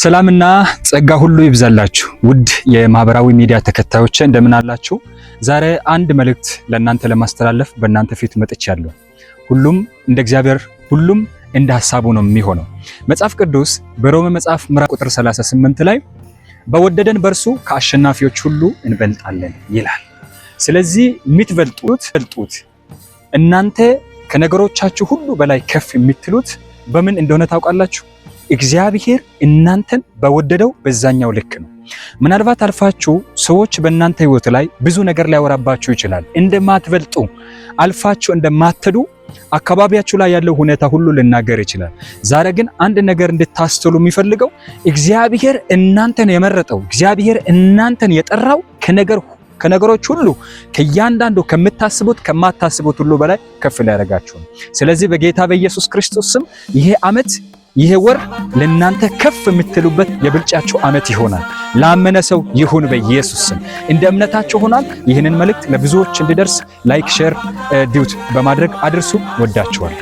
ሰላምና ጸጋ ሁሉ ይብዛላችሁ ውድ የማህበራዊ ሚዲያ ተከታዮች እንደምን አላችሁ? ዛሬ አንድ መልእክት ለእናንተ ለማስተላለፍ በእናንተ ፊት መጥቻለሁ። ሁሉም እንደ እግዚአብሔር ሁሉም እንደ ሐሳቡ ነው የሚሆነው። መጽሐፍ ቅዱስ በሮሜ መጽሐፍ ምዕራፍ ቁጥር 38 ላይ በወደደን በእርሱ ከአሸናፊዎች ሁሉ እንበልጣለን ይላል። ስለዚህ የምትበልጡት በልጡት እናንተ ከነገሮቻችሁ ሁሉ በላይ ከፍ የምትሉት በምን እንደሆነ ታውቃላችሁ እግዚአብሔር እናንተን በወደደው በዛኛው ልክ ነው። ምናልባት አልፋችሁ ሰዎች በእናንተ ህይወት ላይ ብዙ ነገር ሊያወራባችሁ ይችላል። እንደማትበልጡ አልፋችሁ እንደማትዱ አካባቢያችሁ ላይ ያለው ሁኔታ ሁሉ ልናገር ይችላል። ዛሬ ግን አንድ ነገር እንድታስተሉ የሚፈልገው እግዚአብሔር እናንተን የመረጠው እግዚአብሔር እናንተን የጠራው ከነገር ከነገሮች ሁሉ ከእያንዳንዱ ከምታስቡት ከማታስቡት ሁሉ በላይ ከፍ ሊያደርጋችሁ ነው። ስለዚህ በጌታ በኢየሱስ ክርስቶስ ስም ይሄ ዓመት ይሄ ወር ለእናንተ ከፍ የምትሉበት የብልጫችሁ ዓመት ይሆናል። ላመነ ሰው ይሁን በኢየሱስ ስም እንደ እምነታችሁ ሆናል። ይህንን መልእክት ለብዙዎች እንዲደርስ ላይክ፣ ሼር፣ ዲዩት በማድረግ አድርሱ። ወዳችኋል።